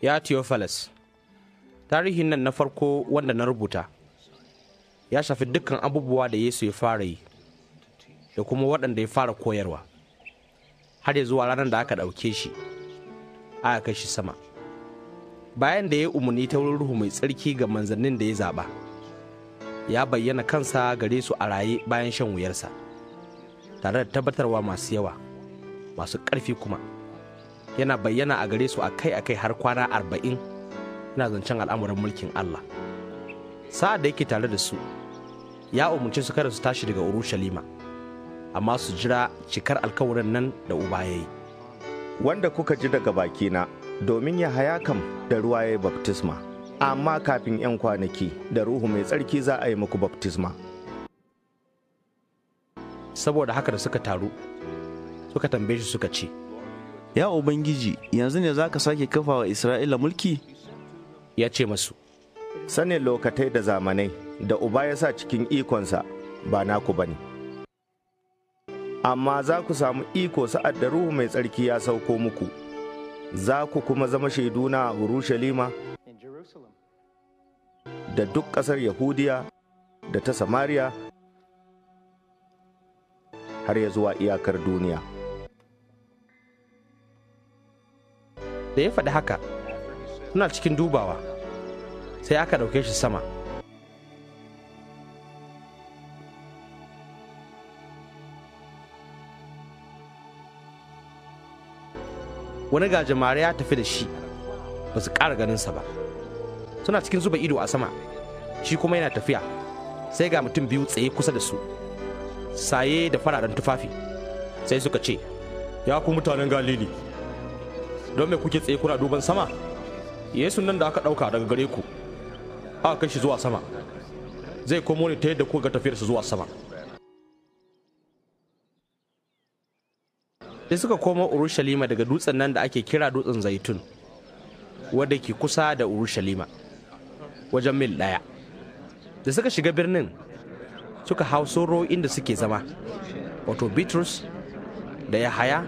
ya theophilus tarihin nan na farko wanda na rubuta ya shafi dukkan abubuwa da yesu ya fara yi da kuma waɗanda ya fara koyarwa har ya zuwa ranar da aka ɗauke shi aka kai shi sama bayan da ya umarni ta wurin ruhu mai tsarki ga manzannin da ya zaɓa ya bayyana kansa gare su a raye bayan shan wuyarsa tare da tabbatarwa masu yawa masu ƙarfi kuma yana bayyana a gare su a kai-a kai har kwana arba'in yana zancen al'amuran mulkin Allah. Sa'a da yake tare da su, ya umarci su kada su tashi daga Urushalima, amma su jira cikar alkawarin nan da uba ya yi. Wanda kuka ji daga bakina, domin ya haya kam da ruwa ya yi baftisma, amma kafin 'yan kwanaki da ruhu mai tsarki za a yi muku baftisma. Saboda haka da suka taru, suka tambaye shi suka ce, Ya Ubangiji, yanzu ne za ka sake kafa wa Isra'ila mulki? Ya ce masu, Sanin lokatai da zamanai da Uba ya sa cikin ikonsa ba naku ba ne. Amma za ku samu iko sa'ad da Ruhu Mai Tsarki ya sauko muku, za ku kuma zama shaiduna a Urushalima da duk ƙasar Yahudiya da ta Samariya har ya zuwa iyakar duniya. da ya faɗi haka suna cikin dubawa sai aka ɗauke shi sama wani gajimare ya tafi da shi ba su ƙara ganinsa ba suna cikin zuba ido a sama shi kuma yana tafiya sai ga mutum biyu tsaye kusa da su saye da fararen tufafi sai suka ce ya ku mutanen galili don me kuke tsaye kuna duban sama yesu nan da aka ɗauka daga gare ku aka kai shi zuwa sama zai komo ne ta yadda kuka ga tafiyarsa zuwa sama sai suka komo urushalima daga dutsen nan da ake kira dutsen zaitun wadda ke kusa da urushalima wajen mil ɗaya da suka shiga birnin suka hau soro inda suke zama wato bitrus da yahaya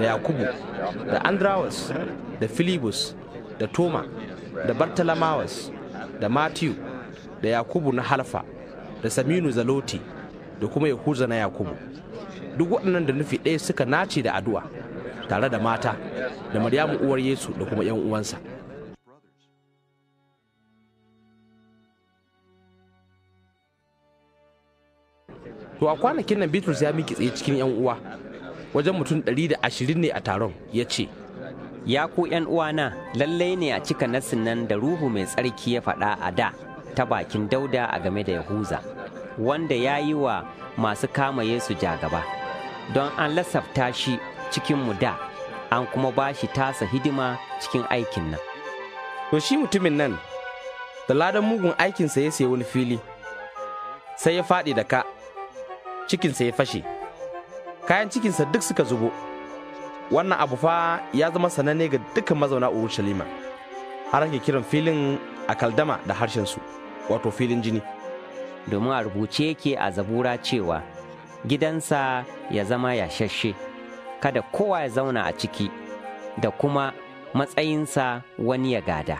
da yakubu da andrawas da filibus da toma da bartalamawas da matthew da yakubu na halfa da saminu zaloti da kuma yahuza na yakubu duk waɗannan da nufi ɗaya suka nace da addu'a tare da mata da maryamu uwar yesu da kuma 'yan uwansa to a kwanakin nan bitrus ya miki tsaye cikin 'yan uwa wajen mutum 120 ne a taron ya ce ya ku yan uwana lallai ne a cika nassin nan da ruhu mai tsarki ya faɗa a da ta bakin dauda a game da yahuza wanda ya yi wa masu kama yesu jagaba don an lasafta shi cikinmu da an kuma ba shi tasa hidima cikin aikin nan to shi mutumin nan da ladan mugun aikinsa ya sayi wani fili sai ya faɗi da ka cikinsa ya fashe kayan cikinsa duk suka zubo wannan abu fa ya zama sananne ga dukkan mazauna urushalima har ake kiran filin a kaldama da su, wato filin jini domin a rubuce yake a zabura cewa gidansa ya zama yashashe kada kowa ya zauna a ciki da kuma matsayinsa wani ya gada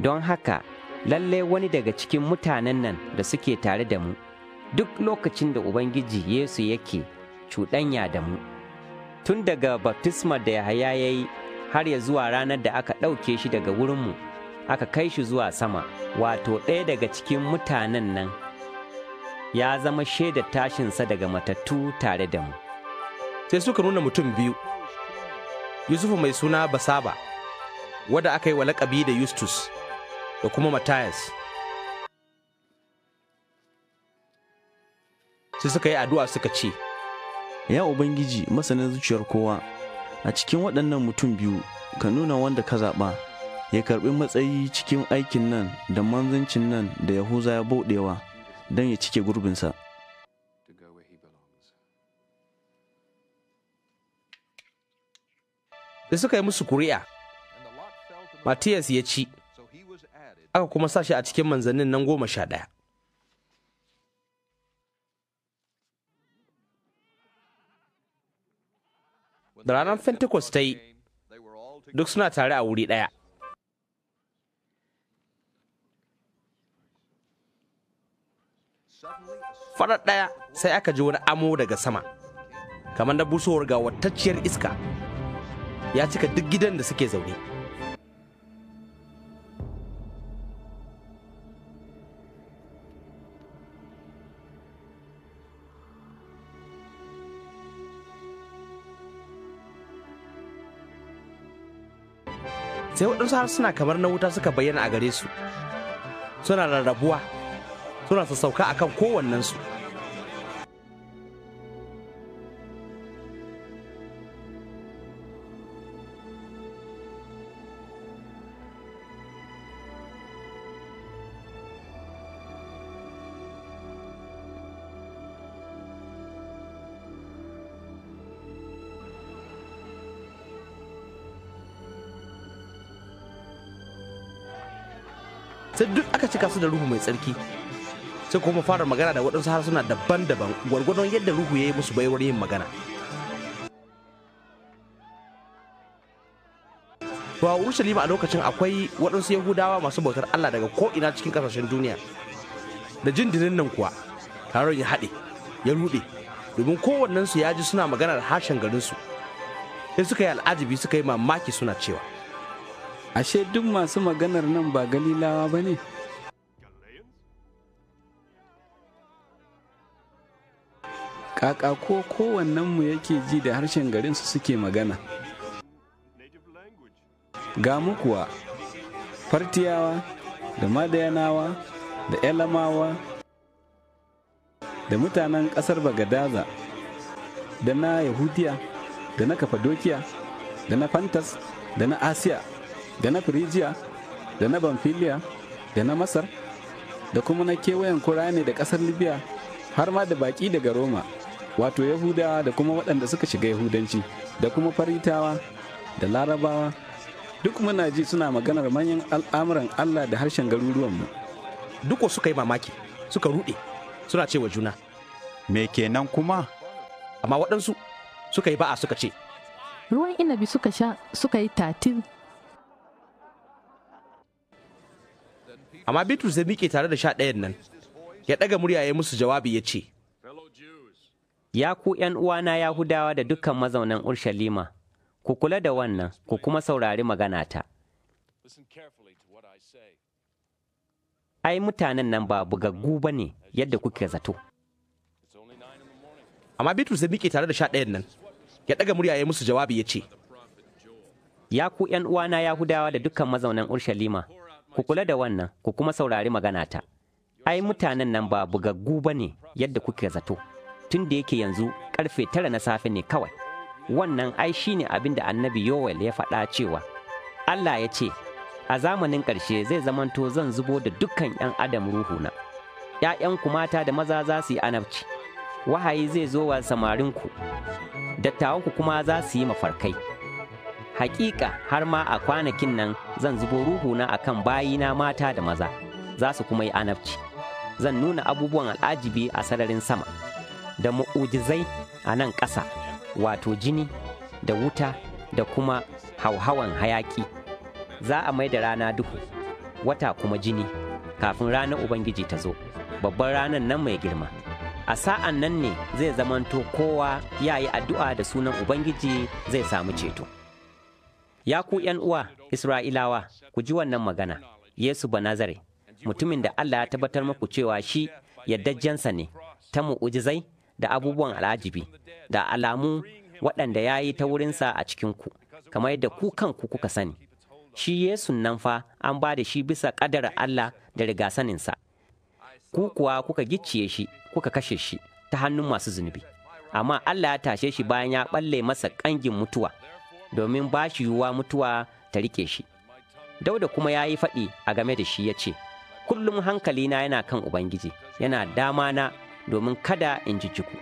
don haka lalle wani daga cikin mutanen nan da suke tare da mu duk lokacin da Ubangiji Yesu yake cuɗanya da mu. Tun daga baftisma da Yahaya ya yi har ya zuwa ranar da aka ɗauke shi daga wurinmu, aka kai shi zuwa sama, wato ɗaya daga cikin mutanen nan ya zama shaidar tashinsa daga matattu tare da mu. Sai suka nuna mutum biyu, Yusufu mai suna Basaba, wadda aka yi wa lakabi da Yustus. da kuma Matthias. Sai suka yi addu'a suka ce, Ya Ubangiji masanin zuciyar kowa, a cikin waɗannan mutum biyu ka nuna wanda ka zaɓa, ya karɓi matsayi cikin aikin nan da manzancin nan da Yahuza ya buɗewa don ya cike gurbinsa. Sai suka yi musu kuri'a, Matthias ya ci. aka kuma sa shi a cikin manzannin nan goma sha ɗaya da ranar Pentecost ta yi duk suna tare a wuri ɗaya. Farar ɗaya sai aka ji wani amo daga sama, kamar na busowar ga watacciyar iska ya cika duk gidan da suke zaune. sai waɗansu harsuna kamar na wuta suka bayyana a gare su suna rarrabuwa suna sassauka akan kowannensu cika su da ruhu mai tsarki sai kuma fara magana da waɗansu harsuna daban-daban gwargwadon yadda ruhu ya yi musu baiwar yin magana to a urushalima a lokacin akwai waɗansu yahudawa masu bautar allah daga ko'ina cikin ƙasashen duniya da jin dinin nan kuwa taron ya haɗe ya ruɗe domin kowannensu ya ji suna magana da harshen garinsu sai suka yi al'ajibi suka yi mamaki suna cewa ashe duk masu maganar nan ba galilawa ba ne kaka ko kowannenmu yake ji da harshen garin su suke magana ga mukuwa, fartiyawa da madayanawa da elamawa da mutanen ƙasar bagadaza da na yahudiya da na kafadokiya da na fantas da na asiya da na firijiya da na Bamfiliya, da na masar da kuma na kewayen Kura ne da ƙasar libya har ma da baƙi daga roma wato yahudawa da kuma waɗanda suka shiga yahudanci da kuma faritawa da larabawa duk muna ji suna maganar manyan al'amuran allah da harshen garuruwanmu duk suka yi mamaki suka ruɗe suna cewa juna me kenan kuma amma waɗansu suka yi ba'a suka ce ruwan inabi suka sha suka yi tatil amma bitrus da miƙe tare da sha ɗayan nan ya ɗaga murya ya musu jawabi ya ce Ya ku ’yan uwana Yahudawa da dukkan mazaunan Urshalima, ku kula da wannan, ku kuma saurari maganata. Ai, mutanen nan ba bugaggu ba ne yadda kuke zato. Amma Bitrus ya miƙe tare da sha ɗayan nan, ya ɗaga murya ya musu jawabi ya ce, Ya ku ’yan uwana Yahudawa da dukkan mazaunan Urshalima, ku kula da wannan, ku kuma saurari maganata. Ai, mutanen nan ba bugaggu ba ne yadda kuke zato. tun da yake yanzu karfe tara na safe ne kawai wannan ai shine abin da annabi yowel ya faɗa cewa allah ya ce a zamanin ƙarshe zai zamanto zan zubo da dukkan 'yan adam ruhuna ‘ya'yanku mata da maza za su yi anabci wahayi zai zo wa samarinku dattawanku kuma za su yi mafarkai hakika har ma a kwanakin nan zan zubo ruhuna a kan bayina mata da maza za su kuma yi anabci zan nuna abubuwan al'ajibi a sararin sama. da mu'ujizai a nan ƙasa wato jini da wuta da kuma hauhawan hayaƙi za a mai da rana duhu wata kuma jini kafin ranar ubangiji ta zo babban ranar nan mai girma a sa'an nan ne zai zamanto kowa ya yi addu'a da sunan ubangiji zai samu ceto ya ku uwa isra'ilawa ku ji wannan magana yesu banazare mutumin da allah ya tabbatar muku cewa shi yaddajjensa ne ta mu'ujizai da abubuwan al'ajibi da alamu waɗanda ya yi ta wurinsa a cikinku kamar yadda ku kanku kuka sani shi yesu nan fa an ba da shi bisa ƙadar Allah da riga saninsa ku kuwa kuka gicciye shi kuka kashe shi ta hannun masu zunubi amma Allah ya tashe shi bayan ya ɓalle masa ƙangin mutuwa domin ba shi yiwuwa mutuwa ta riƙe shi dauda kuma ya yi faɗi a game da shi ya ce kullum hankalina yana kan ubangiji yana dama na domin kada in ji ciku.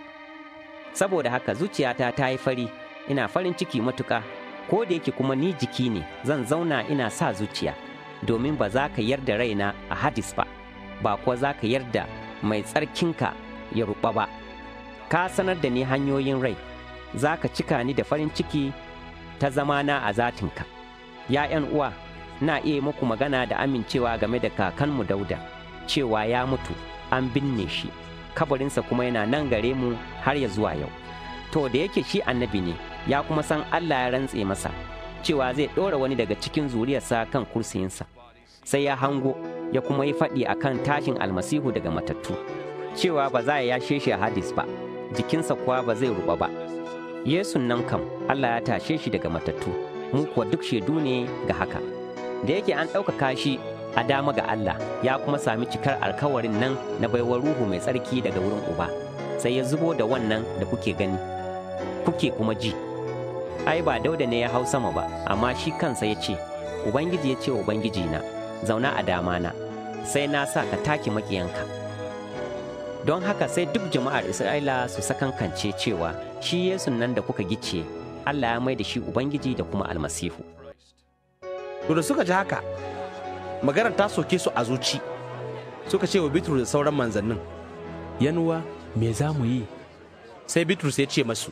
Saboda haka zuciyata ta yi fari, ina farin ciki matuka. ko da yake kuma ni jiki ne zan zauna ina sa zuciya, domin ba za ka yarda raina a hadis ba, ba kuwa za ka yarda mai tsarkinka ya ruɓa ba. Ka sanar da ni hanyoyin rai, za ka cika ni da farin ciki ta zama na a zatinka. Ya uwa, na iya muku magana da amincewa game da kakanmu dauda, cewa ya mutu, an binne shi. kabarinsa kuma yana nan gare mu har ya zuwa yau to da yake shi annabi ne ya kuma san Allah ya rantse masa cewa zai ɗora wani daga cikin zuriyarsa kan kursiyinsa sai ya hango ya kuma yi faɗi a kan tashin almasihu daga matattu cewa ba za ya yashe shi a hadis ba jikinsa kuwa ba zai ruɓa ba yesu nan kam Allah ya tashe shi daga matattu mu kuwa duk shaidu ne ga haka da yake an ɗaukaka shi a dama ga Allah ya kuma sami cikar alkawarin nan na baiwar ruhu mai tsarki daga wurin uba sai ya zubo da wannan da kuke gani kuke kuma ji ai ba dauda ne ya hau sama ba amma shi kansa ya ce ubangiji ya ce ubangiji na zauna a dama na sai na sa ka take makiyanka don haka sai duk jama'ar isra'ila su sakankance cewa shi yesu nan da kuka gice allah ya mai da shi ubangiji da kuma almasihu to suka ji haka maganar ta soke su a zuci suka ce wa bitrus da sauran manzannin yanuwa me za mu yi sai bitrus ya ce masu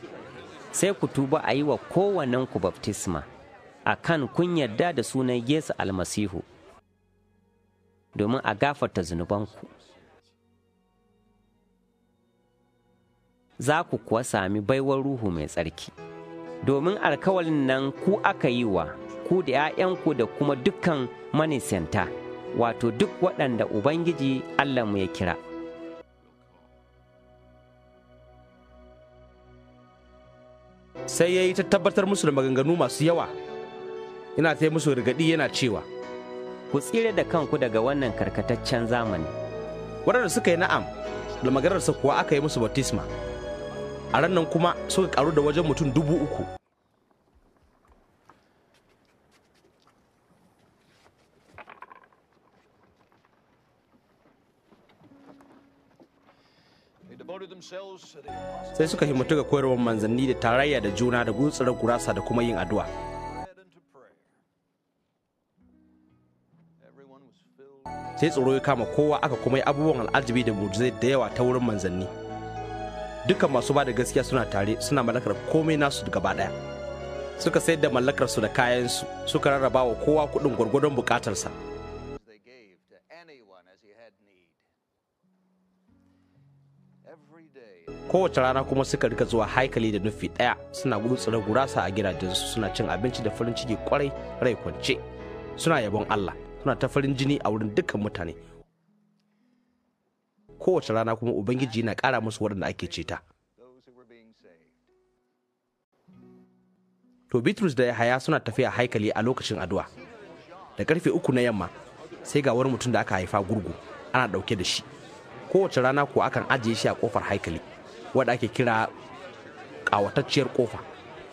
sai ku tuba a yi wa kowannen ku baftisma a kan kun yarda da sunan yesu almasihu domin a gafarta zunubanku za ku kuwa sami baiwar ruhu mai tsarki domin alkawalin nan ku aka yi wa ku da 'ya'yanku da kuma dukkan manisanta wato duk waɗanda ubangiji allahnmu ya kira sai ya yi ta tabbatar musu da maganganu masu yawa ina ta musu rigadi yana cewa ku tsire da kanku daga wannan karkataccen zamani waɗanda suka yi na'am da maganarsa kuwa aka yi musu batisma. a ran kuma suka karu da wajen mutum dubu uku sai suka himmatu ga koyarwar manzanni da tarayya da juna da gutsura gurasa da kuma yin addu'a sai tsoro ya kama kowa aka kuma yi abubuwan al'ajibi da mujizai da yawa ta wurin manzanni dukkan masu ba da gaskiya suna tare suna mallakar komai nasu gaba daya suka sayar da mallakarsu da kayansu suka rarraba wa kowa kuɗin gwargwadon bukatarsa kowace rana kuma suka rika zuwa haikali da nufi ɗaya suna gudu tsira gurasa a gidajensu suna cin abinci da farin ciki kwarai rai kwance suna yabon Allah suna ta farin jini a wurin dukkan mutane kowace rana kuma ubangiji yana ƙara musu waɗanda ake ceta to bitrus da yahaya suna tafiya haikali a lokacin addu'a da karfe uku na yamma sai ga wani mutum da aka haifa gurgu ana ɗauke da shi kowace rana ko akan ajiye shi a kofar haikali wadda ake kira ƙawatacciyar ƙofa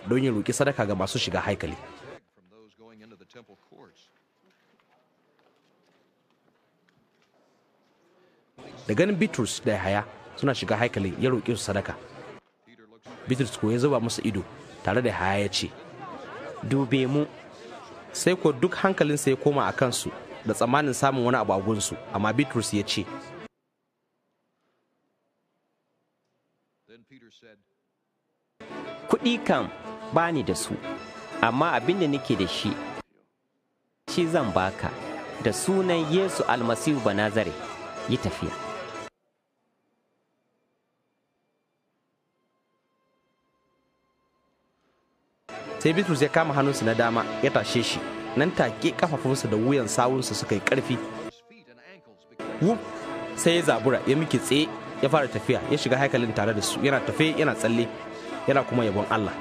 don ya roƙi sadaka ga masu shiga haikali da ganin bitrus da haya suna shiga haikali ya roƙi su sadaka bitrus ko ya zuba musu ido tare da Yahaya ya ce dube mu sai ko duk hankalinsa ya koma a kansu da tsammanin samun wani abu a gunsu amma bitrus ya ce Kuɗi kam ba ni da su, amma abin da nake da shi, shi zan baka da sunan Yesu almasihu banazare yi tafiya. Sai Bitrus ya kama hannunsa na dama ya tashe shi, nan take kafafunsa da wuyan sawunsa suka yi ƙarfi. Wuf sai ya zabura ya miki tsaye ya fara tafiya ya shiga haikalin tare da su yana tafe yana tsalle yana kuma yabon Allah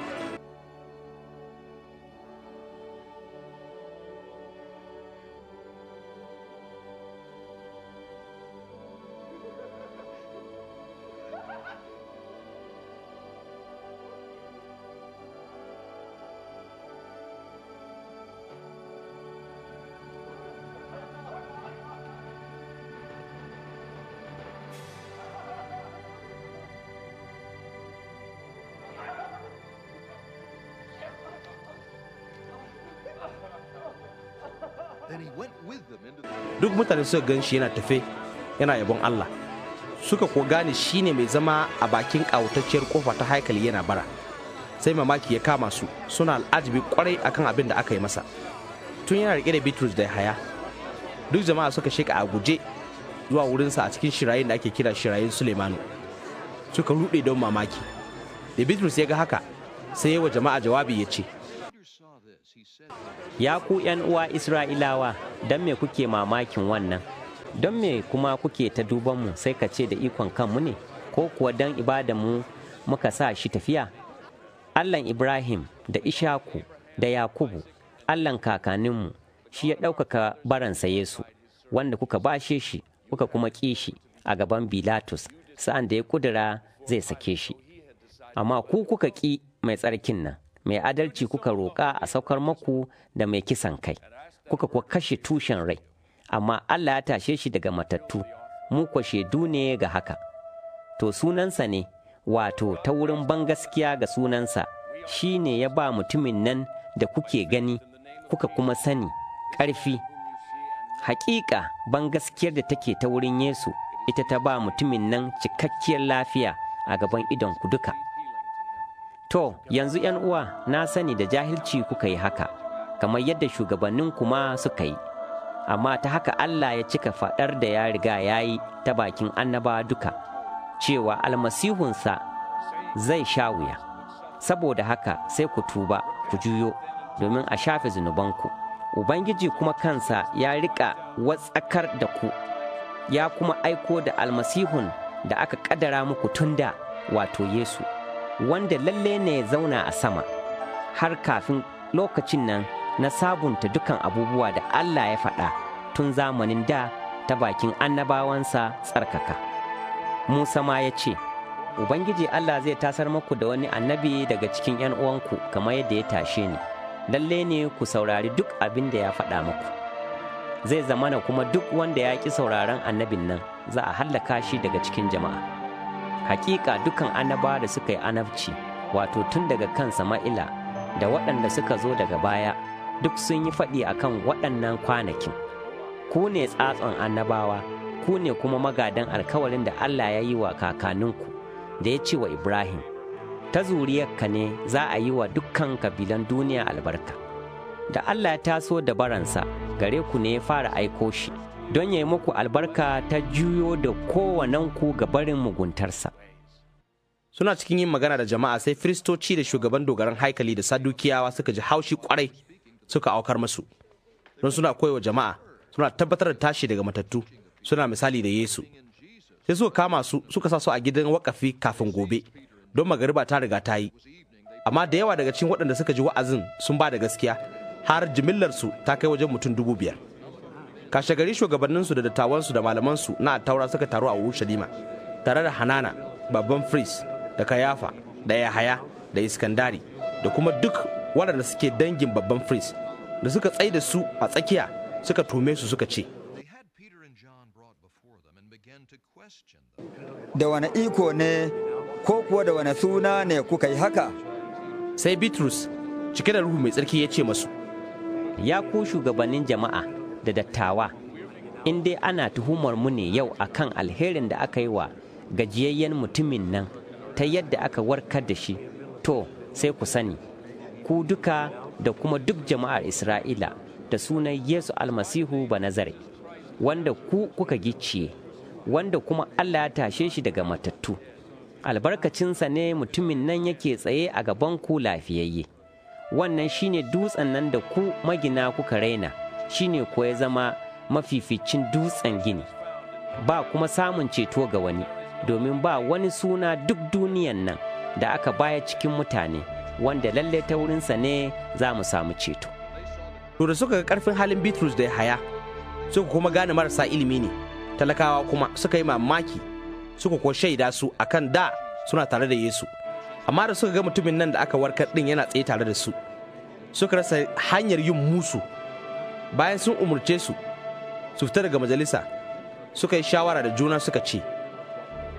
mutane suka gan shi yana tafe yana yabon Allah suka ko gane shi ne mai zama a bakin ƙawatacciyar kofa ta haikali yana bara sai mamaki ya kama su suna al'ajibi kwarai akan abin da aka yi masa tun yana rike da bitrus da haya duk jama'a suka sheka a guje zuwa wurinsa a cikin shirayen da ake kira shirayen Suleimanu", suka rude don mamaki da bitrus ya ga haka sai yawa jama'a jawabi ya ce Ya ku 'yan uwa Isra'ilawa, don me kuke mamakin wannan? Don me kuma kuke ta dubanmu sai ka ce da ikon kanmu ne, ko kuwa don mu muka sa shi tafiya? Allahn Ibrahim da Ishaku da Yakubu, Allahn kakaninmu, shi ya ɗaukaka baransa Yesu, wanda kuka bashe shi, kuka kuma ƙi shi a gaban Bilatus, sa'an da ya kudura zai sake shi. Amma ku kuka ƙi mai tsarkin nan. mai adalci kuka roƙa a saukar maku da mai kisan kai kuka kuwa kashe tushen rai amma Allah ya tashe shi daga matattu mu kwa shaidu ne ga haka to sunansa ne wato ta wurin gaskiya ga sunansa shi ne ya ba mutumin nan da kuke gani kuka kuma sani ƙarfi hakika gaskiyar da take ta wurin Yesu ita ta ba mutumin nan cikakkiyar lafiya a gaban idon ku duka To, yanzu ‘yan uwa na sani da jahilci kuka yi haka, kamar yadda shugabannin kuma suka yi, amma ta haka Allah ya cika faɗar da ya riga ya yi ta bakin annaba duka, cewa almasihunsa zai sha wuya. Saboda haka sai ku tuba, ku juyo, domin a shafe zunubanku. Ubangiji kuma kansa ya riƙa watsakar da ku, ya kuma aiko da almasihun da aka ƙadara muku tun da wato Yesu. wanda lalle ne ya zauna a sama har kafin lokacin nan na sabunta dukan abubuwa da Allah ya faɗa tun zamanin da ta bakin annabawansa tsarkaka. Musa ma ya ce, Ubangiji Allah zai tasar muku da wani annabi daga cikin ‘yan uwanku kamar yadda ya tashe ni, lalle ne ku saurari duk abin da ya faɗa maku. Zai zamana kuma duk wanda ya ƙi sauraron annabin nan za a hallaka shi daga cikin jama'a. hakika dukan annaba da suka yi anabci wato tun daga kan sama'ila da waɗanda suka zo daga baya duk sun yi faɗi a kan waɗannan kwanakin ku ne tsatson annabawa ku ne kuma magadan alkawarin da Allah ya yi wa kakanninku da ya ce wa Ibrahim ta zuriyarka ne za a yi wa dukkan kabilan duniya albarka da Allah ya taso da baransa gare ku ne ya fara aiko shi don ya yi muku albarka ta juyo da kowanenku ga barin muguntarsa. Suna cikin yin magana da jama'a sai firistoci da shugaban dogaran haikali da sadukiyawa suka ji haushi kwarai suka aukar masu. Don suna koyawa jama'a suna tabbatar da tashi daga matattu suna misali da Yesu. Sai suka kama su suka sa su a gidan wakafi kafin gobe don magariba ta riga ta yi. Amma da yawa daga cikin waɗanda suka ji wa'azin sun ba da gaskiya har jimillarsu ta kai wajen mutum dubu biyar. kashe gari shugabanninsu da dattawansu da malamansu na taura suka taru a urushalima tare da hanana babban fris da kayafa da yahaya da iskandari da kuma duk waɗanda suke dangin babban fris da suka tsai da su a tsakiya suka tume su suka ce da wani iko ne ko kuwa da wani suna ne kuka yi haka sai bitrus cike da ruhu mai tsarki ya ce masu ya ku shugabannin jama'a da dattawa in dai ana tuhumar mu ne yau a kan alherin da aka yi wa gajiyayyen mutumin nan ta yadda aka warkar da shi to sai ku sani ku duka da kuma duk jama'ar isra'ila da sunan yesu almasihu ba banazare wanda ku kuka gicciye wanda kuma allah ya tashe shi daga matattu albarkacinsa ne mutumin nan yake tsaye a gaban ku lafiyayye wannan shine dutsen nan da ku magina kuka raina shine ko ya zama mafificin dutsen gini ba kuma samun ceto ga wani domin ba wani suna duk duniyan nan da aka baya cikin mutane wanda lalle ta wurinsa ne za mu samu ceto. To da suka ga karfin halin Bitrus da ya haya suka kuma gane marasa ilimi ne talakawa kuma suka yi mamaki suka ko shaida su akan da suna tare da Yesu amma da suka ga mutumin nan da aka warkar din yana tsaye tare da su suka rasa hanyar yin musu bayan sun umarce su su fita daga majalisa suka yi shawara da juna suka ce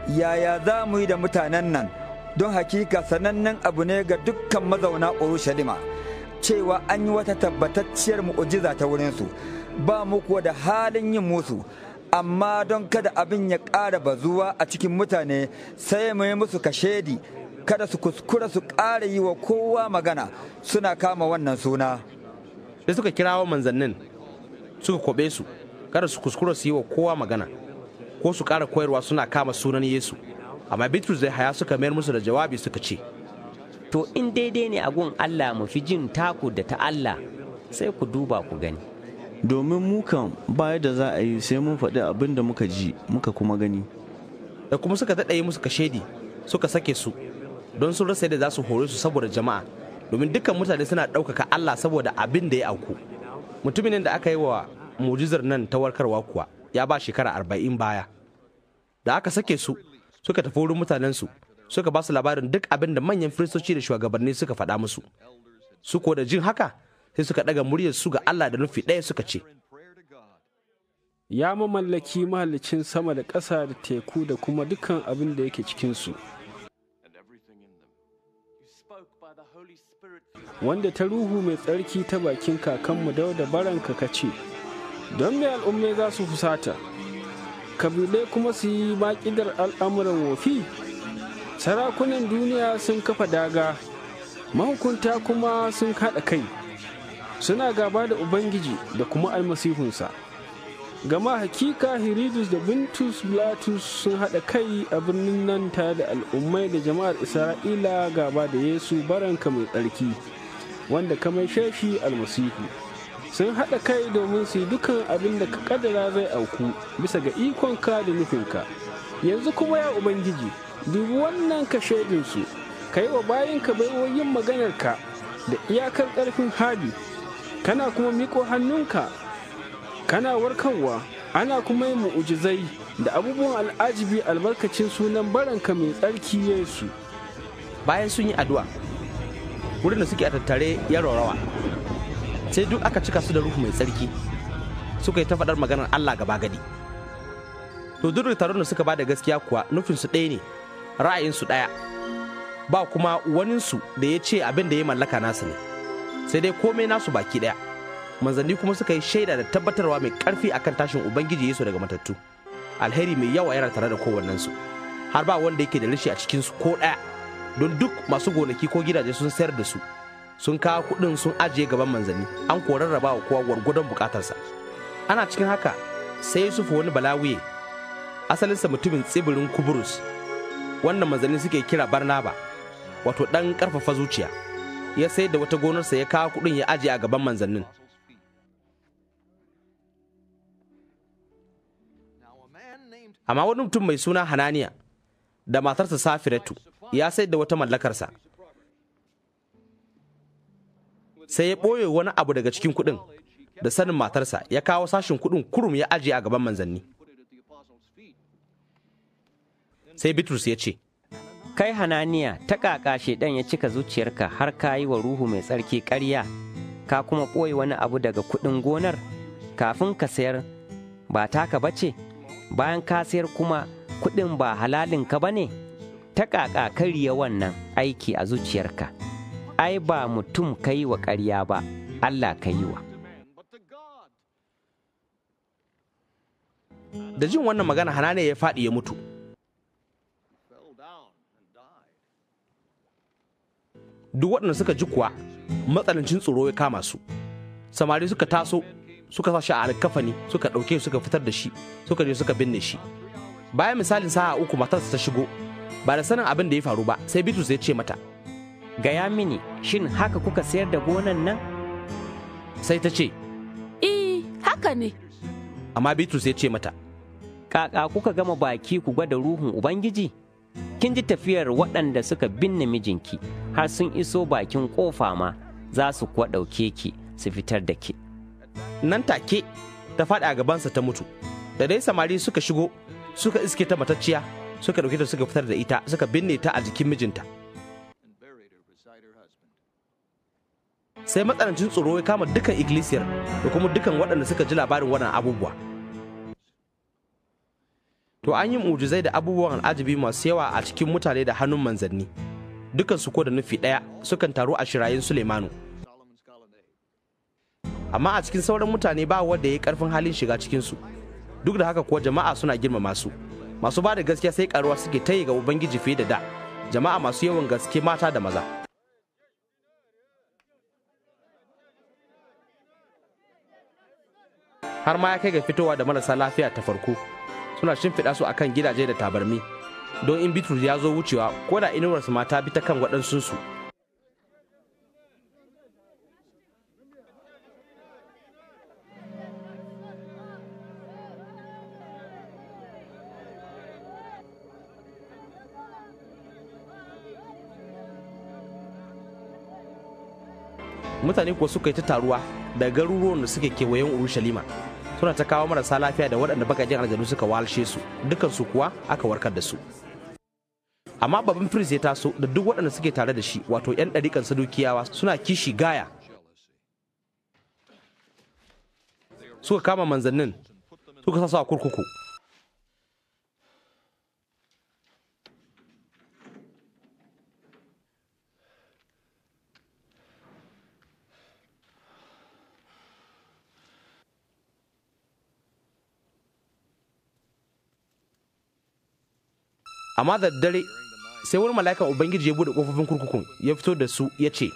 yaya za mu yi da mutanen nan don hakika sanannen abu ne ga dukkan mazauna urushalima cewa an yi wata tabbatacciyar mu'ujiza ta wurinsu ba mu kuwa da halin yin musu amma don kada abin ya ƙara bazuwa a cikin mutane sai mu yi musu kashedi kada su kuskura su ƙara yi wa kowa magana suna kama wannan suna. sai suka kirawo manzannin suka kwabe su kada su kuskura su yi wa kowa magana ko su ƙara koyarwa suna kama sunan yesu amma bitrus zai haya suka mayar musu da jawabi suka ce to in daidai ne a gun allah mu fi jin taku da ta allah sai ku duba ku gani domin mu kan baya da za a yi sai mun faɗi abin da muka ji muka kuma gani da kuma suka daɗa yi musu kashedi suka sake su don sun rasa yadda za su hore su saboda jama'a domin dukkan mutane suna ɗaukaka Allah saboda abin da ya auku mutumin da aka yi wa mujizar nan ta warkarwa kuwa ya ba shekara arba'in baya da aka sake su suka tafi wurin mutanensu suka ba su labarin duk abin da manyan firistoci da shugabanni suka faɗa musu su ko da jin haka sai suka ɗaga muryar su ga Allah da nufi ɗaya suka ce ya mamallaki mahallicin sama da ƙasa da teku da kuma dukkan abin da yake cikinsu. su wanda ta ruhu mai tsarki ta bakin kakanmu dauda baranka ka ce don me al'ummai za su fusata kabilai kuma su yi maƙidar al'amuran wofi sarakunan duniya sun kafa daga mahukunta kuma sun haɗa kai suna gaba da ubangiji da kuma almasihunsa gama hakika hiridus da bintus blatus sun haɗa kai a birnin nan ta da al'ummai da jama'ar isra'ila gaba da yesu baranka mai tsarki wanda ka mai sheshi almasihu sun haɗa kai domin su yi dukan abin da ka kadara zai auku bisa ga ikonka da nufinka yanzu kuma ya ubangiji dubi wannan ka shaidinsu ka yi wa bayinka baiwoyin maganarka da iyakar ƙarfin hali kana kuma miko hannunka kana warkarwa ana kuma yin mu'ujizai da abubuwan al'ajibi albarkacin sunan baranka mai tsarki yesu bayan sun yi addu'a wurin da suke a tattare ya rawa sai duk aka cika su da ruhu mai tsarki suka yi ta faɗar maganar allah gaba gadi to duk taron da suka ba da gaskiya kuwa nufinsu ɗaya ne ra'ayinsu ɗaya ba kuma waninsu da ya ce abin da ya mallaka nasu ne sai dai komai nasu baki ɗaya manzanni kuma suka yi shaida da tabbatarwa mai karfi akan tashin ubangiji yesu daga matattu alheri mai yawa yana tare da kowannensu har ba wanda yake da rishi a cikinsu ko ɗaya don duk masu gonaki ko gidaje sun sayar da su sun kawo kuɗin sun ajiye gaban manzanni an ko rarraba wa kowa gwargwadon bukatarsa ana cikin haka sai yusuf wani balawiye asalinsa mutumin tsibirin Kubrus. wannan manzanni suke kira barnaba wato ɗan ƙarfafa zuciya ya sayar da wata gonarsa ya kawo kuɗin ya ajiye a gaban manzannin amma wani mutum mai suna hananiya da matarsa safiratu ya sayar da wata mallakarsa sai ya ɓoye wani abu daga cikin kuɗin da sanin matarsa ya kawo sashin kuɗin kurum ya ajiye a gaban manzanni sai bitrus ya ce kai hananiya ta ƙaƙa shaidan ya cika zuciyarka har ka yi wa ruhu mai tsarki ƙarya ka kuma ɓoye wani abu daga kuɗin gonar kafin ka sayar ba taka ba ce bayan ka sayar kuma kuɗin ba halalinka ba ne? Ta ƙaƙa karya wannan aiki a zuciyarka, ai ba mutum ka yi wa ƙarya ba, Allah ka yi wa. Da jin wannan magana Hananiya ya faɗi ya mutu. Duk waɗanda suka ji kuwa matsalancin tsoro ya kama su, samari suka taso suka sa shi a alkafani suka ɗauke suka fitar da shi suka je suka binne shi bayan misalin sa'a uku matarsa ta shigo ba da sanin abin da ya faru ba sai bitrus ya ce mata gaya mini shin haka kuka sayar da gonan nan sai ta ce eh haka ne amma bitrus ya ce mata kaka kuka gama baki ku gwada ruhun ubangiji kin ji tafiyar waɗanda suka binne mijinki har sun iso bakin ƙofa ma za su kuwa ɗauke ki su fitar da ki. nan take ta faɗi a gabansa ta mutu da dai samari suka shigo suka iske ta matacciya suka ɗauke ta suka fitar da ita suka binne ta a jikin mijinta sai matsanancin tsoro ya kama dukan iglesiyar da kuma dukan waɗanda suka ji labarin waɗannan abubuwa to an yi mujizai da abubuwan al'ajabi masu yawa a cikin mutane da hannun manzanni dukansu ko da nufi ɗaya sukan taru a shirayin sulemanu amma a cikin sauran mutane ba wanda ya karfin halin shiga cikin su duk da haka kuwa jama'a suna girmama su masu ba da gaskiya sai karuwa suke tayi ga ubangiji fiye da da jama'a masu yawan gaske mata da maza har ma ya kai ga fitowa da marasa lafiya ta farko suna shimfiɗa su akan gidaje da tabarmi don in bitrus ya zo wucewa ko da inuwarsa mata bi ta kan waɗansunsu mutane kuwa suka yi ta taruwa da garuruwan da suke kewayen urushalima suna ta kawo marasa lafiya da waɗanda baka jin aljanu suka walshe su dukansu kuwa aka warkar da su amma babban firist ya taso da duk waɗanda suke tare da shi wato 'yan ɗarikan sadukiyawa suna kishi gaya suka kama manzannin suka sa su a kurkuku amma da dare sai wani mala'ikan ubangiji ya buɗe ƙofofin kurkukun ya fito da su ya ce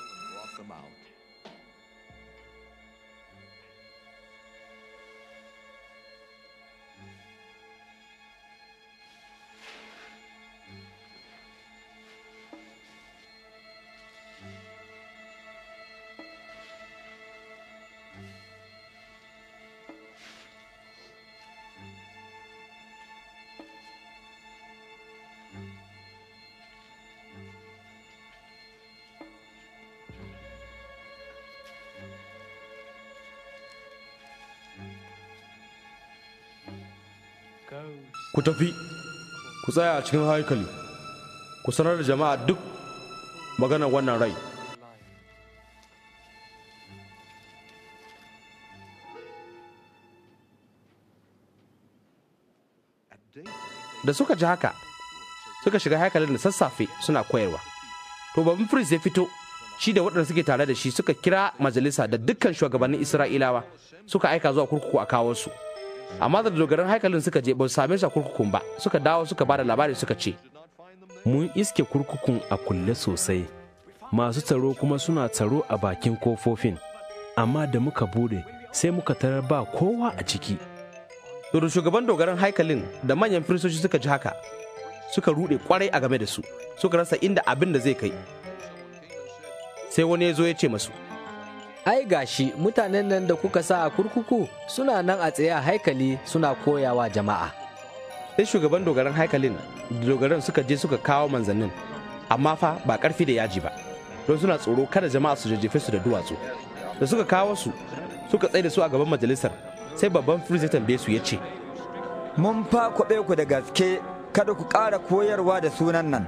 ku tafi ku tsaya a cikin haikali ku sanar da jama'a duk maganar wannan rai da suka ji haka suka shiga haikalin da sassafe suna koyarwa to babin firist ya fito shi da waɗanda suke tare da shi suka kira majalisa da dukkan shugabannin isra'ilawa suka aika zuwa kurkuku a kawo su amma da dogaran haikalin suka je ba su same shi a kurkukun ba suka dawo suka ba da labari suka ce mun iske kurkukun a kulle sosai masu tsaro kuma suna tsaro a bakin kofofin amma da muka bude sai muka tarar ba kowa a ciki to shugaban dogaran haikalin da manyan firistoci suka ji haka suka rude kwarai a game da su suka rasa inda abin da zai kai sai wani ya zo ya ce masu ai gashi mutanen nan da kuka sa a kurkuku suna nan a tsaye a haikali suna koyawa jama'a sai shugaban dogaran haikalin dogaran suka je suka kawo manzannin amma fa ba karfi da yaji ba don suna tsoro kada jama'a su jajjefe su da duwatsu da suka kawo su suka tsaye da su a gaban majalisar sai babban firist ya tambaye su ya ce mun fa kwaɓe ku da gaske kada ku ƙara koyarwa da sunan nan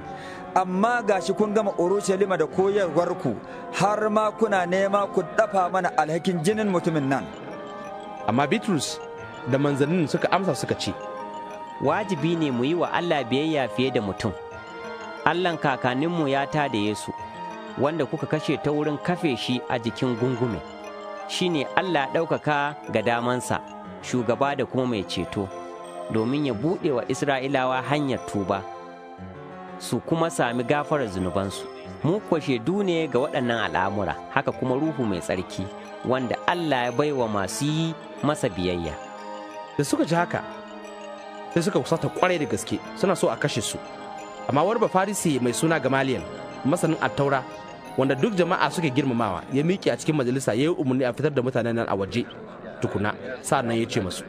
amma gashi kun gama Urushalima da koyarwarku har ma kuna nema ku dafa mana alhakin jinin mutumin nan. Amma Bitrus da manzannin suka amsa suka ce, Wajibi ne mu yi wa Allah biyayya fiye da mutum. Allahn kakanninmu ya ta da Yesu, wanda kuka kashe ta wurin kafe shi a jikin gungume. Shi ne Allah ɗaukaka ga damansa, shugaba da kuma mai ceto, domin ya buɗe wa Isra'ilawa hanyar tuba. su kuma sami gafarar zunubansu mu kuwa shaidu ne ga waɗannan al'amura haka kuma ruhu mai tsarki wanda Allah ya bai wa masu yi masa biyayya da suka ji haka sai suka kusata kwarai da gaske suna so a kashe su amma wani farisi mai suna gamaliyan masanin attaura wanda duk jama'a suke girmamawa ya miƙe a cikin majalisa ya yi umarni a fitar da mutanen nan a waje tukuna sa'an nan ya ce masu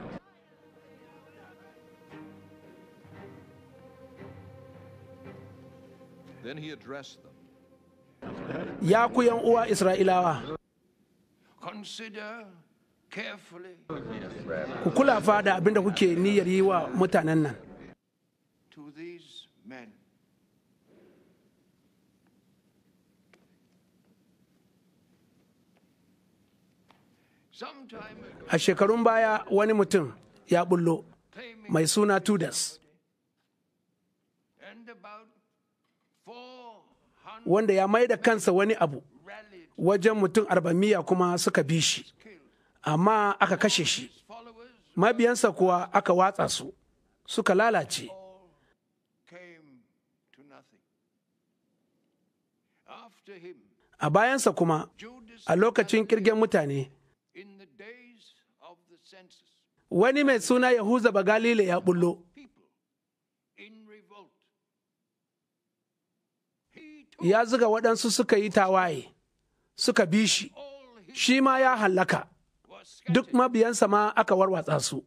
Ya ku yan uwa Isra'ilawa, ku kula fa da abin da kuke niyyar yi wa mutanen nan. A shekarun baya wani mutum ya bullo mai suna Tudas. wanda ya mai da kansa wani abu wajen mutum arbamiya kuma suka bi shi amma aka kashe shi mabiyansa kuwa aka watsa su suka lalace a bayansa kuma a lokacin kirgen mutane wani mai suna yahuza ba bagalile ya bullo ya zuga waɗansu suka yi tawaye, suka bi shi, shi ma ya hallaka, duk mabiyansa ma aka warwatsa su.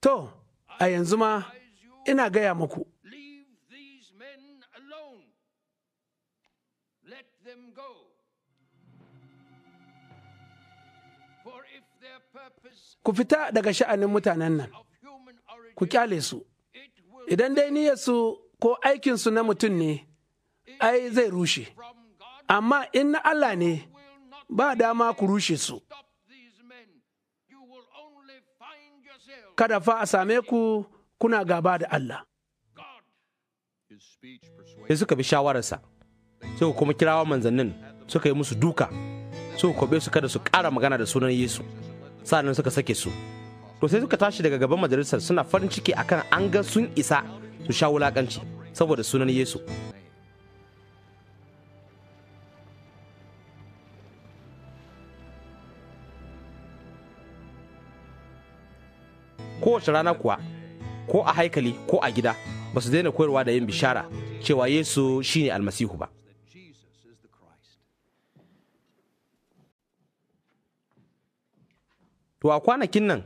To, a yanzu ma ina gaya muku, Ku fita daga sha'anin mutanen nan, ku kyale su. idan dai niyyarsu ko aikinsu na mutum ne, ai zai rushe, amma in na Allah ne ba dama ku rushe su. Kada fa a same ku kuna gaba da Allah. Sai suka bi shawararsa, sai kuma kirawa manzannin suka yi musu duka, suka kwabe su kada su ƙara magana da sunan Yesu, sa'an suka sake su. to sai suka tashi daga gaban majalisar suna farin ciki akan an ga sun isa su sha wulakanci saboda sunan yesu kowace rana kuwa ko a haikali ko a gida ba su daina koyarwa da yin bishara cewa yesu shine almasihu ba to a kwanakin nan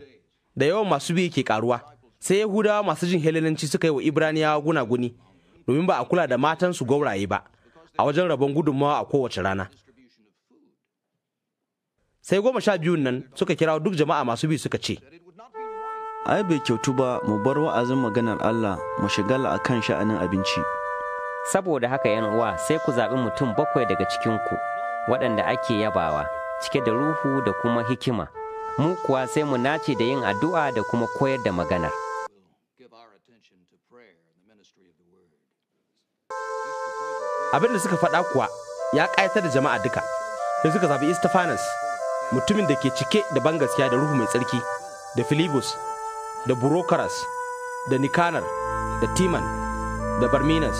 da yawan masu bi ke karuwa sai yahudawa masu jin helenanci suka yi wa ibraniyawa gunaguni domin ba a kula da matansu gauraye ba a wajen rabon gudunmawa a kowace rana sai goma sha biyun nan suka kira duk jama'a masu bi suka ce ai bai kyautu ba mu bar wa'azin maganar Allah mu shigala a kan sha'anin abinci saboda haka yan uwa sai ku zaɓi mutum bakwai daga cikinku waɗanda ake yabawa cike da ruhu da kuma hikima mu kuwa sai mu nace da yin addu'a da kuma koyar da maganar. Abin da suka faɗa kuwa ya ƙayatar da jama'a duka, sai suka zaɓi Istafanas, mutumin da ke cike da bangaskiya da Ruhu Mai Tsarki, da Filibus, da Burokaras, da Nikanar, da Timan, da Barminas,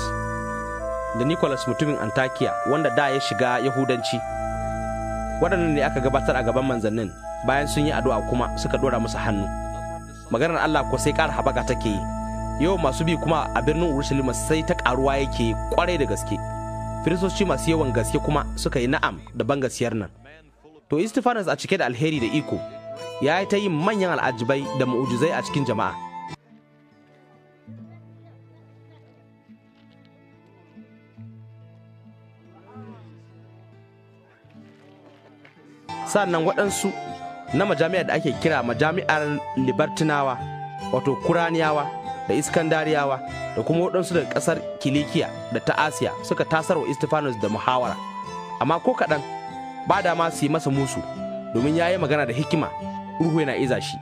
da Nicholas mutumin Antakiya wanda da ya shiga Yahudanci. Waɗannan ne aka gabatar a gaban manzannin. bayan sun yi addu'a kuma suka dora musu hannu maganar Allah ko sai ƙara habaka take yi yau masu bi kuma a birnin Urushalima sai ta ƙaruwa yake kwarai da gaske firistoci masu yawan gaske kuma suka yi na'am da ban gaskiyar nan to Istifanas a cike da alheri da iko ya yi ta yin manyan al'ajibai da mu'ujizai a cikin jama'a sannan waɗansu na majami'ar da ake kira majami'ar libertinawa wato kuraniyawa da iskandariyawa da kuma waɗansu daga ƙasar kilikiya da ta asiya suka tasar wa istifanus da muhawara amma ko kaɗan ba da ma su yi masa musu domin ya yi magana da hikima ruhu yana iza shi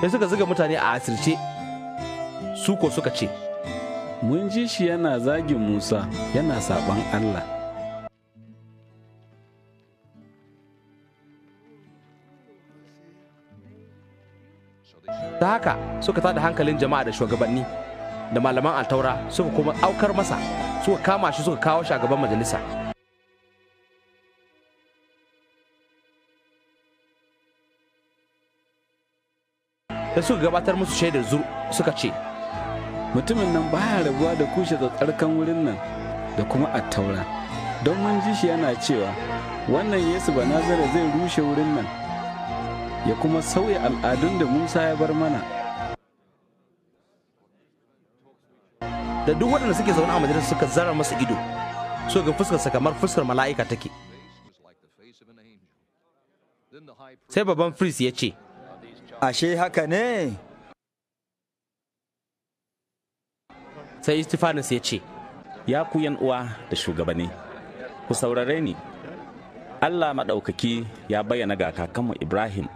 sai suka zuga mutane a asirce su ko suka ce mun ji shi yana zagin musa yana saɓan allah ta haka suka tada hankalin jama'a da shugabanni da malaman altaura suka kuma aukar masa suka kama shi suka kawo shi a gaban majalisa da suka gabatar musu shaidar zur suka ce mutumin nan baya rabuwa da kushe tsarkan wurin nan da kuma attaura don mun ji shi yana cewa wannan yesu ba nazara zai rushe wurin nan ya kuma sauya al'adun da Musa ya bar mana. Da duk waɗanda suke zaune a majalisar suka zara masa ido, so ga fuskarsa kamar fuskar mala'ika take. Sai babban Fris ya ce, Ashe haka ne? Sai Istifanus ya ce, Ya ku uwa da shugabanni, ku saurare ni, Allah maɗaukaki ya bayyana ga kakanmu Ibrahim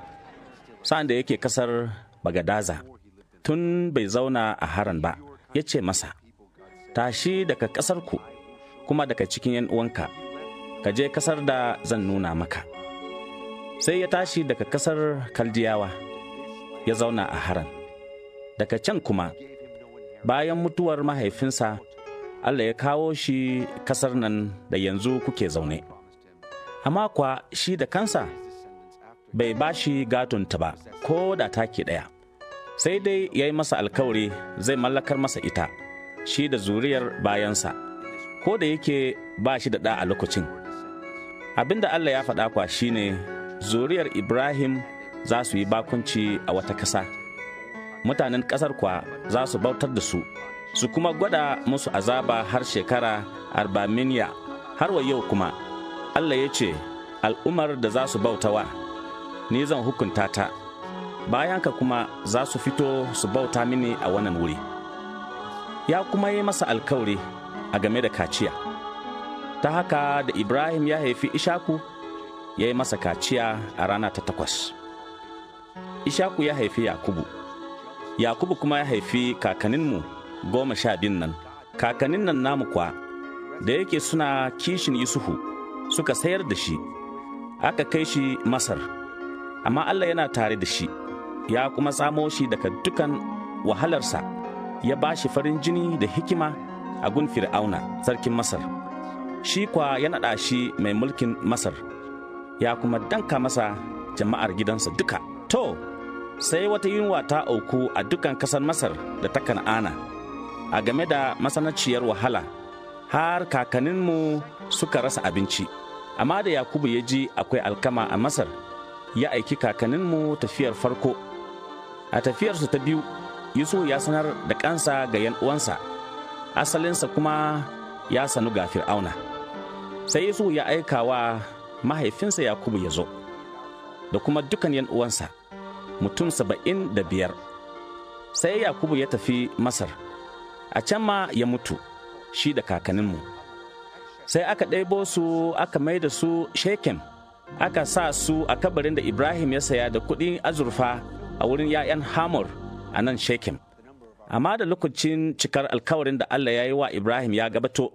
sa'an da yake kasar bagadaza tun bai zauna a haran ba ya ce masa tashi daga ƙasarku kuma daga cikin 'yan uwanka ka je kasar da zan nuna maka sai ya tashi daga kasar kaldiyawa ya zauna a haran daga can kuma bayan mutuwar mahaifinsa allah ya kawo shi kasar nan da yanzu kuke zaune amma kwa shi da kansa bai ba shi ta ba ko da take ɗaya sai dai ya yi masa alkawari zai mallakar masa ita shi da zuriyar bayansa ko da yake ba shi da ɗa a lokacin Abin da Allah ya faɗa kwa shi ne, zuriyar Ibrahim za su yi bakunci a wata ƙasa mutanen ƙasar kwa za su bautar da su su kuma gwada musu azaba har shekara arbaminiya har wa yau kuma Allah ya ce al'ummar da za su wa. ne zan hukunta ta bayanka kuma za su fito su bauta mini a wannan wuri ya kuma yi masa alkawari a game da kaciya ta haka da ibrahim ya haifi ishaku ya yi masa kaciya a rana ta takwas ishaku ya haifi yakubu yakubu kuma ya haifi kakaninmu goma sha biyun nan Kakanin nan namu kwa da yake suna kishin yusufu suka sayar da shi aka kai shi masar amma Allah yana tare da shi ya kuma samo shi daga dukan wahalarsa ya ba shi farin jini da hikima a gun fir'auna sarkin masar shi kwa ya naɗa shi mai mulkin masar ya kuma danka masa jama'ar gidansa duka to sai wata yunwa ta auku a dukan kasar masar da ta kan'ana a game da masanaciyar wahala har kakanninmu suka rasa abinci amma da yakubu ya ji akwai alkama a masar ya aiki kakanninmu tafiyar farko a tafiyarsu ta biyu yusuf ya sanar da kansa ga yan uwansa asalinsa kuma ya sanu ga fir'auna sai yusuf ya aika wa mahaifinsa yakubu ya zo da kuma dukan yan uwansa mutum saba'in da biyar sai yakubu ya tafi masar a can ma ya mutu shi da kakanninmu sai aka ɗaibo su aka mai da su shekem aka sa su a kabarin da Ibrahim ya saya da kuɗin azurfa a wurin 'ya'yan Hamor a nan Shekim. Amma da lokacin cikar alkawarin da Allah ya yi wa Ibrahim ya gabato,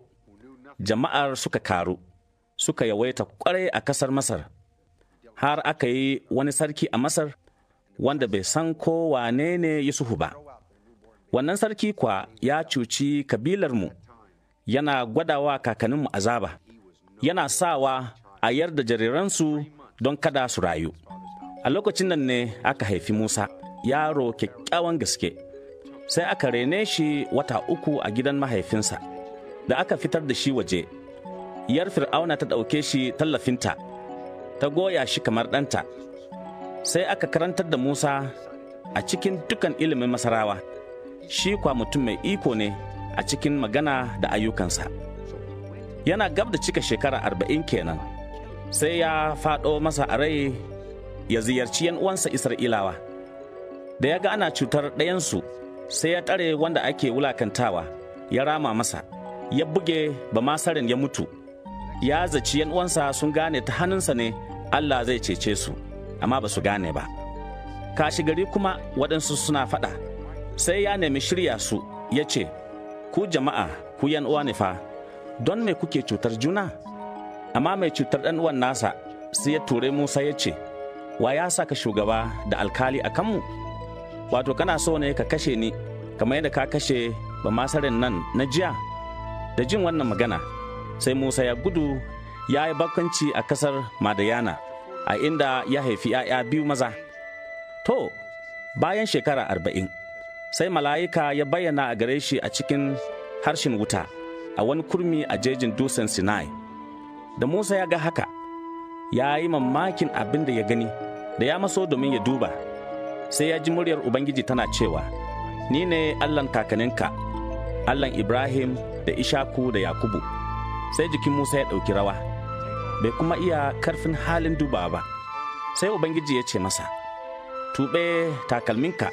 jama'ar suka karu, suka yawaita kwarai a ƙasar Masar, har aka yi wani sarki a Masar wanda bai san ko wane ne Yusufu ba. Wannan sarki kwa ya cuci kabilarmu, yana gwadawa kakanninmu azaba, yana sawa a yarda jariransu don kada su rayu. A lokacin nan ne aka haifi Musa, yaro kyakkyawan gaske, sai aka rene shi wata uku a gidan mahaifinsa, da aka fitar da shi waje. Yar Fir'auna ta ɗauke shi tallafinta, ta goya shi kamar ɗanta, sai aka karantar da Musa a cikin dukan ilimin masarawa, shi kwa mutum mai iko ne a cikin magana da ayyukansa. Yana gab da cika shekara arba'in kenan. sai ya faɗo masa a rai ya ziyarci yan uwansa Isra'ilawa. Da ya ga ana cutar ɗayansu sai ya tare wanda ake wulakantawa ya rama masa, ya buge ba masarin ya mutu. Ya zaci yan uwansa sun gane ta hannunsa ne Allah zai cece su, amma ba su gane ba. Kashi gari kuma waɗansu suna faɗa, sai ya nemi shirya su ya ce, Ku jama'a, ku yan uwa ne fa, don me kuke cutar juna? amma mai cutar ɗan uwan nasa sai ya ture musa ya ce wa ya saka shugaba da alkali a kanmu wato kana so ne ka kashe ni kamar yadda ka kashe ba masarin nan na jiya da jin wannan magana sai musa ya gudu ya yi bakwanci a kasar madayana a inda ya haifi 'ya'ya biyu maza to bayan shekara arba'in sai mala'ika ya bayyana a gare shi a cikin harshen wuta a wani kurmi a jejin dusan sinai da Musa ya ga haka, ya yi mamakin abin da ya gani, da ya maso domin ya duba, sai ya ji muryar Ubangiji tana cewa, Ni ne Allahn kakaninka, Allahn Ibrahim da Ishaku da Yakubu. Sai jikin Musa ya ɗauki rawa, bai kuma iya karfin halin duba ba. Sai Ubangiji ya ce masa, Tuɓe takalminka,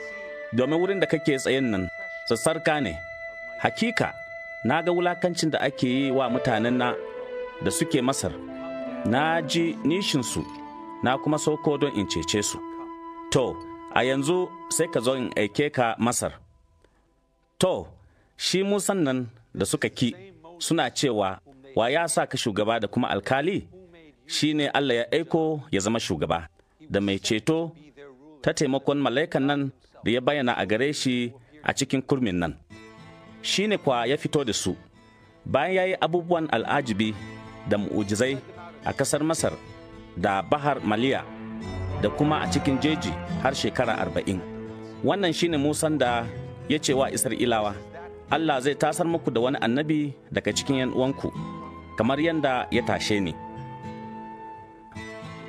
domin wurin da kake tsayen nan, sassarka ne, hakika, na ga wulakancin da ake yi wa mutanen na da suke Masar, na ji nishinsu na kuma sauko don in cece su. To, a yanzu sai ka zo in aike ka Masar. To, shi Musan nan da suka ki suna cewa wa ya sa ka shugaba da kuma alkali shi ne Allah ya aiko ya zama shugaba da mai ceto ta taimakon mala'ikan nan da ya bayyana a gare shi a cikin kurmin nan. Shi ne kwa ya fito da su, bayan ya yi abubuwan al'ajibi da mu'ujizai a ƙasar masar da bahar maliya da kuma a cikin jeji har shekara arba'in wannan shine musan da ya ce wa isra'ilawa allah zai tasar muku da wani annabi daga cikin yan uwanku kamar yadda ya tashe ni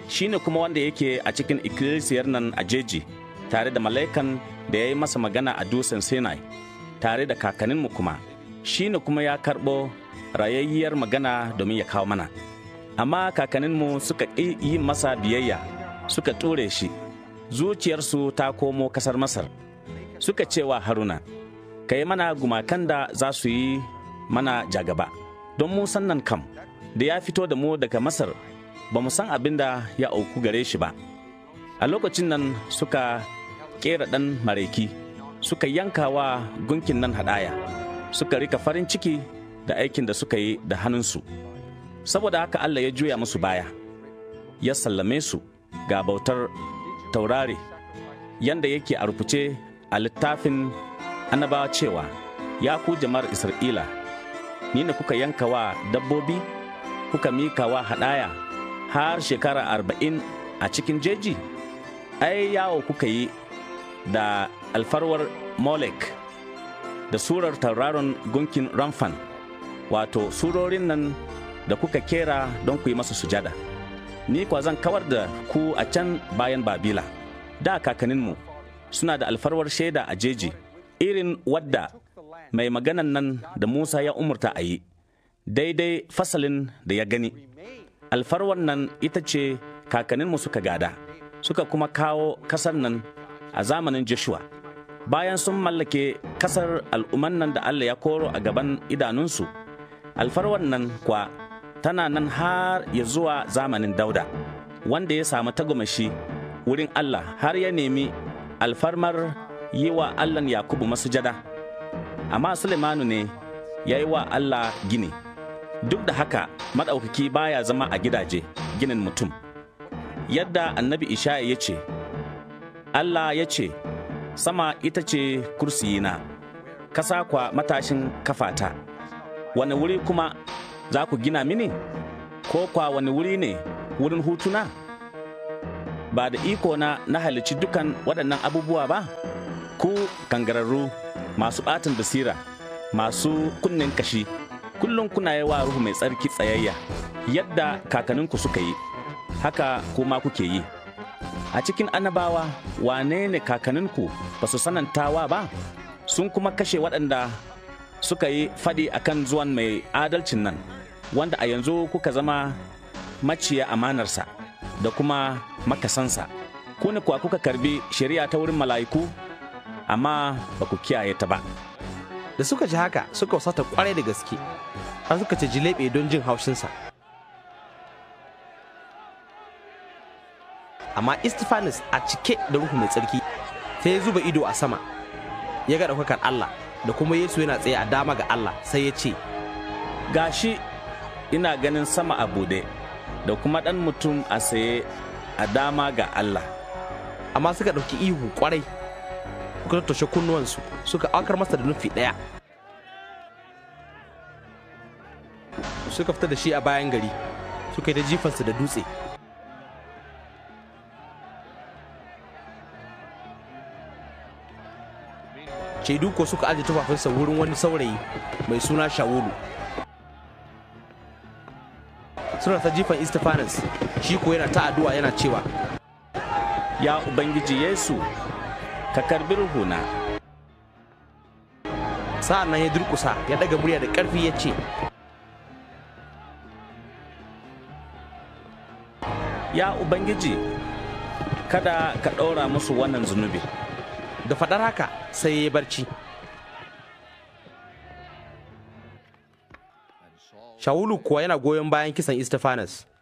shine kuma wanda yake a cikin ikkilisiyar nan a jeji tare da mala'ikan da ya yi masa magana a dusan sinai tare da kakanninmu kuma shine kuma ya karɓo rayayyiyar magana domin ya kawo mana amma kakaninmu suka ƙi yi masa biyayya suka ture shi zuciyarsu ta komo kasar masar suka cewa haruna ka yi mana gumakan da za su yi mana jagaba don mu nan kam da ya fito da mu daga masar ba mu san abin da ya auku gare shi ba a lokacin nan suka ƙera ɗan mareki suka yanka wa gunkin nan hadaya suka rika farin ciki da aikin da suka yi da hannunsu saboda haka Allah ya juya musu baya ya sallame su ga bautar taurari yanda yake a rubuce a littafin annabawa cewa ya ku jama'ar Isra'ila ni ne kuka yanka wa dabbobi kuka mika wa hadaya har shekara arba'in a cikin jeji ai yawo kuka yi da alfarwar molek da surar tauraron gunkin ramfan wato surorin nan da kuka kera don ku yi masa sujada ni kwa zan kawar da ku a can bayan babila da kakanninmu suna da alfarwar shaida a jeji irin wadda mai maganan nan da musa ya umurta a yi daidai fasalin da ya gani alfarwar nan ita ce kakanninmu suka gada suka kuma kawo kasar nan a zamanin joshua bayan sun mallake kasar al'umman nan da allah ya koro a gaban idanunsu alfarwar nan kwa tana nan har ya zuwa zamanin dauda wanda ya samu tagomashi wurin allah har ya nemi alfarmar yi wa allan yakubu masujada amma sulemanu ne ya yi wa allah gini duk da haka maɗaukaki baya zama a gidaje ginin mutum yadda annabi ishaya ya ce allah ya ce sama ita ce kursiyina kasa kwa matashin kafata wani wuri kuma za ku gina mini ko kwa wani wuri ne wurin hutuna ba da iko na na halici dukan waɗannan abubuwa ba ku kangararru masu ɓatin basira masu kunnen kashi kullum kuna yi wa ruhu mai tsarki tsayayya yadda kakanninku suka yi haka kuma kuke yi a cikin anabawa? wane ne kakanninku ba su sanantawa ba sun kuma kashe waɗanda suka yi faɗi kan zuwan mai adalcin nan wanda a yanzu kuka zama maciya amanarsa da kuma makasansa ku ne kuwa kuka karbi shari'a ta wurin mala'iku amma ba ku kiyaye ta ba da suka ji haka suka wasata kwarai da gaske har suka ci jilebe don jin haushinsa amma istifanis a cike da ruhu mai tsarki sai ya zuba ido a sama ya ga ɗaukakar allah da kuma yesu yana tsaye a dama ga allah sai ya ce gashi ina ganin sama a bude da kuma ɗan mutum a saye a dama ga allah amma suka ɗauki ihu kwarai suka tattoshe kunnuwansu suka aukar masa da nufi ɗaya suka fita da shi a bayan gari suka yi ta jifansa da dutse shaidu ko suka aje tufafinsa wurin wani saurayi mai suna shawulu suna ta jifan istifanis shi ko yana ta addu'a yana cewa ya ubangiji yesu ka karbi ruhuna sa'an nan ya durkusa ya daga murya da karfi ya ce ya ubangiji kada ka ɗaura musu wannan zunubi da faɗar haka sai ya barci shawulu kuwa yana goyon bayan kisan istifanas